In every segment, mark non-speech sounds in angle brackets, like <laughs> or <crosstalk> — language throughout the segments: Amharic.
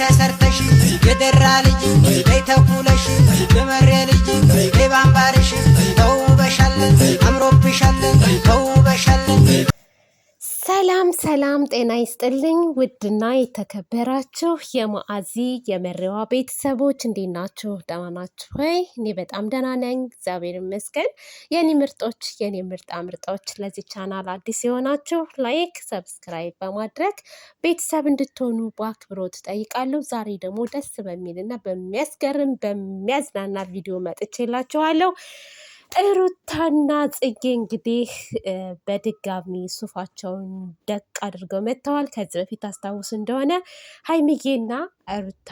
ተሰርተሽ የደራ ልጅ ተኩለሽ የመሬ ልጅ ባምባርሽ ተውበሻለን አምሮብሻለን ተውበሻለን ሰላም ሰላም፣ ጤና ይስጥልኝ ውድና የተከበራችሁ የማዓዚ የመሪዋ ቤተሰቦች እንዴት ናችሁ? ደህና ናችሁ ወይ? እኔ በጣም ደህና ነኝ፣ እግዚአብሔር ይመስገን። የኔ ምርጦች፣ የኔ ምርጣ ምርጦች፣ ለዚህ ቻናል አዲስ የሆናችሁ ላይክ፣ ሰብስክራይብ በማድረግ ቤተሰብ እንድትሆኑ በአክብሮት እጠይቃለሁ። ዛሬ ደግሞ ደስ በሚልና በሚያስገርም በሚያዝናና ቪዲዮ መጥቼላችኋለሁ። ሩታና ጽጌ እንግዲህ በድጋሚ ሱፋቸውን ደቅ አድርገው መጥተዋል። ከዚህ በፊት አስታውስ እንደሆነ ሀይሚዬና ሩታ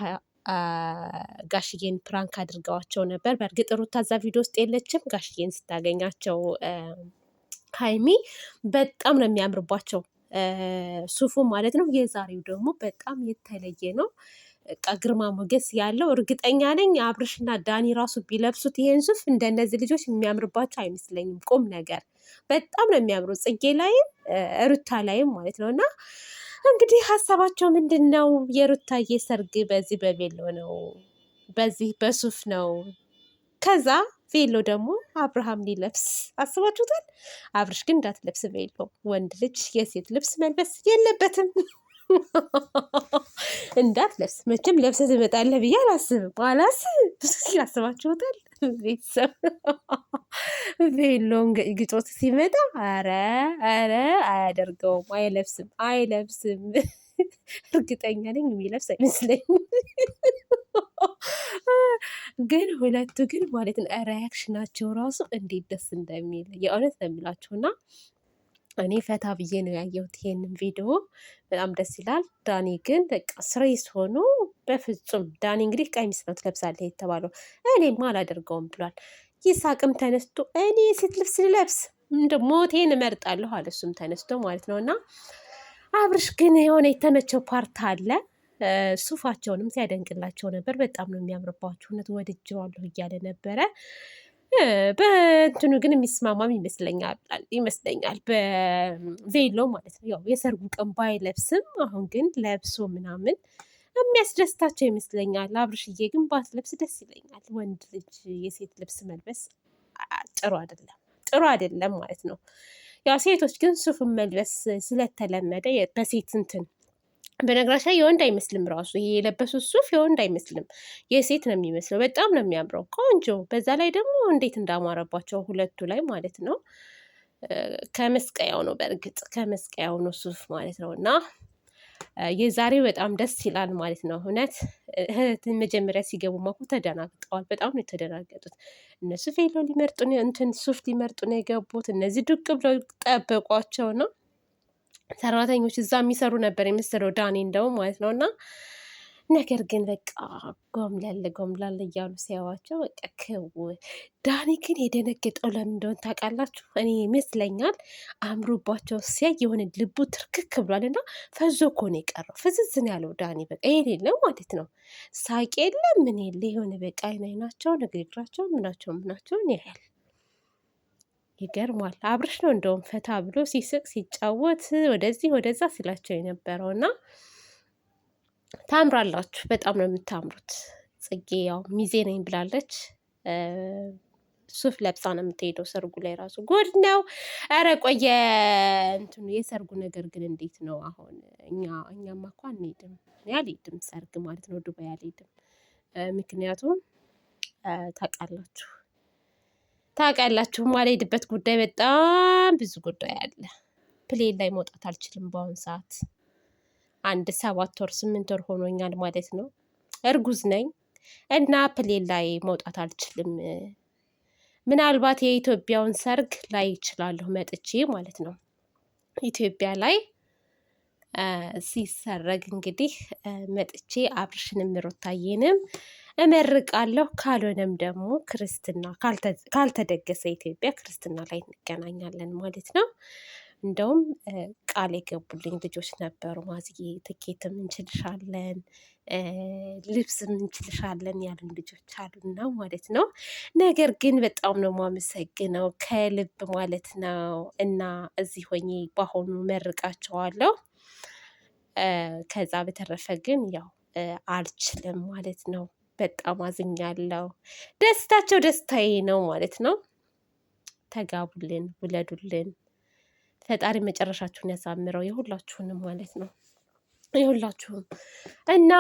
ጋሽዬን ፕራንክ አድርገዋቸው ነበር። በእርግጥ ሩታ እዛ ቪዲዮ ውስጥ የለችም። ጋሽዬን ስታገኛቸው ሀይሚ በጣም ነው የሚያምርባቸው ሱፉ ማለት ነው። የዛሬው ደግሞ በጣም የተለየ ነው። በቃ ግርማ ሞገስ ያለው እርግጠኛ ነኝ አብርሽና ዳኒ ራሱ ቢለብሱት ይሄን ሱፍ እንደነዚህ ልጆች የሚያምርባቸው አይመስለኝም። ቁም ነገር በጣም ነው የሚያምሩ፣ ጽጌ ላይም ሩታ ላይም ማለት ነው። እና እንግዲህ ሀሳባቸው ምንድን ነው? የሩታዬ ሰርግ በዚህ በቬሎ ነው፣ በዚህ በሱፍ ነው። ከዛ ቬሎ ደግሞ አብርሃም ሊለብስ አስባችሁታል። አብርሽ ግን እንዳትለብስ ቬሎ፣ ወንድ ልጅ የሴት ልብስ መልበስ የለበትም። <laughs> እንዳትለብስ መቼም ለብሰ ትመጣለህ ብዬ አላስብም። በኋላስ <laughs> ያስባችሁታል ቤተሰብ <laughs> ቬሎን ግጮት ሲመጣ አረ አረ አያደርገውም፣ አይለብስም፣ አይለብስም። <laughs> እርግጠኛ ነኝ የሚለብስ አይመስለኝም። ግን ሁለቱ ግን ማለት ነው ሪያክሽናቸው ራሱ እንዴት ደስ እንደሚል የእውነት ነው የምላችሁና እኔ ፈታ ብዬ ነው ያየሁት ይሄንን ቪዲዮ። በጣም ደስ ይላል። ዳኒ ግን በቃ ስሬስ ሆኖ በፍጹም ዳኒ እንግዲህ ቀሚስ ነው ትለብሳለህ የተባለው እኔማ አላደርገውም ብሏል። ይሳቅም ተነስቶ እኔ ሴት ልብስ ልለብስ እንደ ሞቴን እመርጣለሁ አለ እሱም ተነስቶ ማለት ነው። እና አብርሽ ግን የሆነ የተመቸው ፓርት አለ። ሱፋቸውንም ሲያደንቅላቸው ነበር። በጣም ነው የሚያምርባቸው፣ እውነት ወድጀዋለሁ እያለ ነበረ። በእንትኑ ግን የሚስማማም ይመስለኛል ይመስለኛል በቬሎ ማለት ነው። ያው የሰርጉ ቀን ባይለብስም አሁን ግን ለብሶ ምናምን የሚያስደስታቸው ይመስለኛል። አብርሽዬ ግን ባትለብስ ደስ ይለኛል። ወንድ ልጅ የሴት ልብስ መልበስ ጥሩ አይደለም፣ ጥሩ አይደለም ማለት ነው። ያው ሴቶች ግን ሱፍን መልበስ ስለተለመደ በሴት እንትን በነገራች ላይ የወንድ አይመስልም። ራሱ ይሄ የለበሱት ሱፍ የወንድ አይመስልም፣ የሴት ነው የሚመስለው። በጣም ነው የሚያምረው፣ ቆንጆ። በዛ ላይ ደግሞ እንዴት እንዳማረባቸው ሁለቱ ላይ ማለት ነው። ከመስቀያው ነው፣ በእርግጥ ከመስቀያው ነው ሱፍ ማለት ነው። እና የዛሬው በጣም ደስ ይላል ማለት ነው። እውነት እህትን መጀመሪያ ሲገቡ ማኩ ተደናግጠዋል። በጣም ነው የተደናገጡት። እነሱ ፌሎ ሊመርጡ እንትን ሱፍ ሊመርጡ ነው የገቡት። እነዚህ ዱቅ ብለው ጠበቋቸው ነው ሰራተኞች እዛ የሚሰሩ ነበር የምስለው ዳኔ እንደውም ማለት ነው እና ነገር ግን በቃ ጎምላል ጎምላል እያሉ ሲያዋቸው በቃ ክው ዳኒ ግን የደነገጠው ለምን እንደሆን ታውቃላችሁ? እኔ ይመስለኛል አምሮባቸው ሲያይ የሆነ ልቡ ትርክክ ብሏል እና ፈዞ እኮ ነው የቀረው። ፍዝዝን ያለው ዳኒ በቃ ይሄን የለም ማለት ነው። ሳቅ የለም ምን የለ የሆነ በቃ አይናቸው፣ ንግግራቸው፣ ምናቸው ምናቸውን ያህል ይገርማል። አብርሽ ነው እንደውም ፈታ ብሎ ሲስቅ ሲጫወት ወደዚህ ወደዛ ሲላቸው የነበረው እና ታምራላችሁ። በጣም ነው የምታምሩት። ጽጌ ያው ሚዜ ነኝ ብላለች። ሱፍ ለብሳ ነው የምትሄደው ሰርጉ ላይ ራሱ ጎድ ነው። ኧረ ቆየ እንትኑ የሰርጉ ነገር ግን እንዴት ነው አሁን? እኛ እኛማ እኮ አንሄድም፣ አልሄድም ሰርግ ማለት ነው ዱባይ አልሄድም። ምክንያቱም ታውቃላችሁ ታውቃላችሁ ማልሄድበት ጉዳይ በጣም ብዙ ጉዳይ አለ። ፕሌን ላይ መውጣት አልችልም በአሁን ሰዓት። አንድ ሰባት ወር ስምንት ወር ሆኖኛል ማለት ነው። እርጉዝ ነኝ እና ፕሌን ላይ መውጣት አልችልም። ምናልባት የኢትዮጵያውን ሰርግ ላይ ይችላለሁ መጥቼ ማለት ነው። ኢትዮጵያ ላይ ሲሰረግ እንግዲህ መጥቼ አብርሽንም ሩታዬንም እመርቃለሁ። ካልሆነም ደግሞ ክርስትና ካልተደገሰ ኢትዮጵያ ክርስትና ላይ እንገናኛለን ማለት ነው። እንደውም ቃል የገቡልኝ ልጆች ነበሩ። ማዝዬ ትኬትም እንችልሻለን፣ ልብስም እንችልሻለን ያሉን ልጆች አሉና ማለት ነው። ነገር ግን በጣም ነው የማመሰግነው ከልብ ማለት ነው። እና እዚህ ሆኜ በአሁኑ መርቃቸዋለሁ። ከዛ በተረፈ ግን ያው አልችልም ማለት ነው። በጣም አዝኛለሁ። ደስታቸው ደስታዬ ነው ማለት ነው። ተጋቡልን፣ ውለዱልን። ፈጣሪ መጨረሻችሁን ያሳምረው የሁላችሁንም ማለት ነው የሁላችሁም እና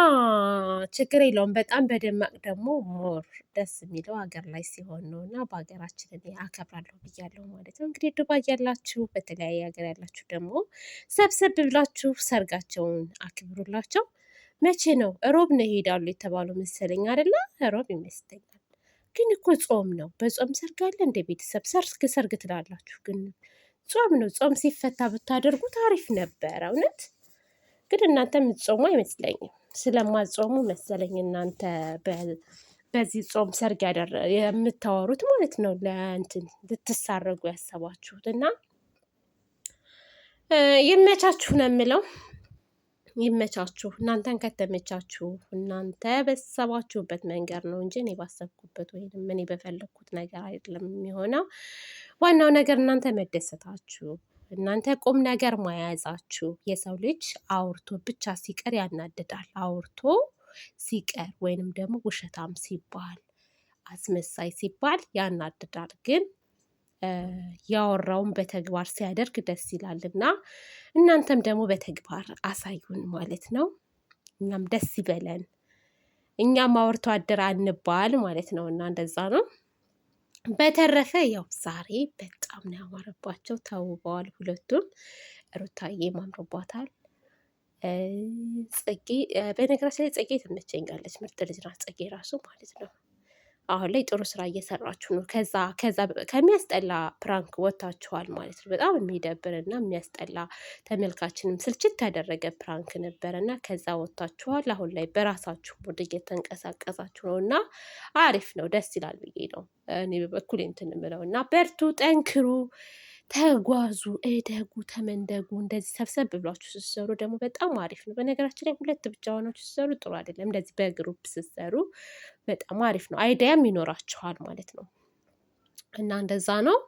ችግር የለውም። በጣም በደማቅ ደግሞ ሞር ደስ የሚለው ሀገር ላይ ሲሆን ነው እና በሀገራችን እኔ አከብራለሁ ብያለሁ ማለት ነው። እንግዲህ ዱባይ ያላችሁ፣ በተለያየ ሀገር ያላችሁ ደግሞ ሰብሰብ ብላችሁ ሰርጋቸውን አክብሩላቸው። መቼ ነው? ሮብ ነው ይሄዳሉ የተባለው መሰለኝ አይደለ? ሮብ ይመስለኛል። ግን እኮ ጾም ነው። በጾም ሰርግ አለ እንደ ቤተሰብ ሰርግ ሰርግ ትላላችሁ፣ ግን ጾም ነው። ጾም ሲፈታ ብታደርጉ ታሪፍ ነበረ እውነት። ግን እናንተ የምትጾሙ አይመስለኝም። ስለማጾሙ መሰለኝ እናንተ በዚህ ጾም ሰርግ የምታወሩት ማለት ነው። ለእንትን ልትሳረጉ ያሰባችሁት እና ይመቻችሁ ነው የምለው። ይመቻችሁ። እናንተን ከተመቻችሁ እናንተ በሰባችሁበት መንገድ ነው እንጂ እኔ ባሰብኩበት ወይም እኔ በፈለግኩት ነገር አይደለም የሚሆነው። ዋናው ነገር እናንተ መደሰታችሁ፣ እናንተ ቁም ነገር ማያዛችሁ። የሰው ልጅ አውርቶ ብቻ ሲቀር ያናድዳል። አውርቶ ሲቀር ወይንም ደግሞ ውሸታም ሲባል አስመሳይ ሲባል ያናድዳል ግን ያወራውን በተግባር ሲያደርግ ደስ ይላል እና እናንተም ደግሞ በተግባር አሳዩን ማለት ነው። እኛም ደስ ይበለን፣ እኛም አውርቶ አደር አንባል ማለት ነው እና እንደዛ ነው። በተረፈ ያው ዛሬ በጣም ነው ያማረባቸው፣ ተውበዋል። ሁለቱም ሩታዬ ማምሮባታል። ጽጌ በነገራችን ላይ ጽጌ ትመቸኛለች፣ ምርጥ ልጅ ናት ጽጌ ራሱ ማለት ነው። አሁን ላይ ጥሩ ስራ እየሰራችሁ ነው። ከዛ ከዛ ከሚያስጠላ ፕራንክ ወጥታችኋል ማለት ነው። በጣም የሚደብር እና የሚያስጠላ ተመልካችንም ስልችት ያደረገ ፕራንክ ነበረ እና ከዛ ወጥታችኋል። አሁን ላይ በራሳችሁ ሙድ እየተንቀሳቀሳችሁ ነው እና አሪፍ ነው፣ ደስ ይላል ብዬ ነው እኔ በበኩል እንትን እና በርቱ፣ ጠንክሩ። ተጓዙ፣ እደጉ፣ ተመንደጉ። እንደዚህ ሰብሰብ ብሏችሁ ስትሰሩ ደግሞ በጣም አሪፍ ነው። በነገራችን ላይ ሁለት ብቻ ሆናችሁ ስትሰሩ ጥሩ አይደለም። እንደዚህ በግሩፕ ስትሰሩ በጣም አሪፍ ነው። አይዲያም ይኖራችኋል ማለት ነው እና እንደዛ ነው።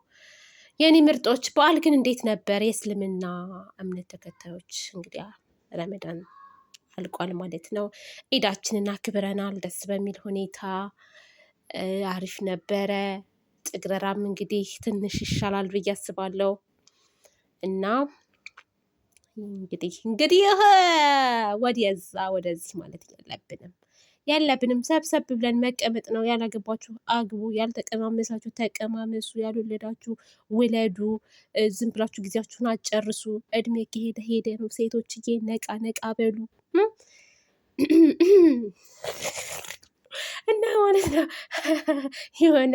የኔ ምርጦች በዓል ግን እንዴት ነበር? የእስልምና እምነት ተከታዮች እንግዲህ ረመዳን አልቋል ማለት ነው። ኢዳችንን አክብረናል ደስ በሚል ሁኔታ አሪፍ ነበረ። ጥግረራም እንግዲህ ትንሽ ይሻላል ብዬ አስባለሁ። እና እንግዲህ እንግዲህ ወደዛ ወደዚህ ማለት ያለብንም ያለብንም ሰብሰብ ብለን መቀመጥ ነው። ያላገባችሁ አግቡ፣ ያልተቀማመሳችሁ ተቀማመሱ፣ ያልወለዳችሁ ውለዱ። ዝም ብላችሁ ጊዜያችሁን አጨርሱ። እድሜ ከሄደ ሄደ ነው። ሴቶችዬ ነቃ ነቃ በሉ። እና ማለት ነው <laughs> የሆነ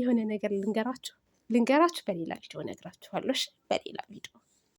የሆነ ነገር ልንገራችሁ ልንገራችሁ፣ በሌላ ቪዲዮ ነግራችኋለሽ፣ በሌላ ቪዲዮ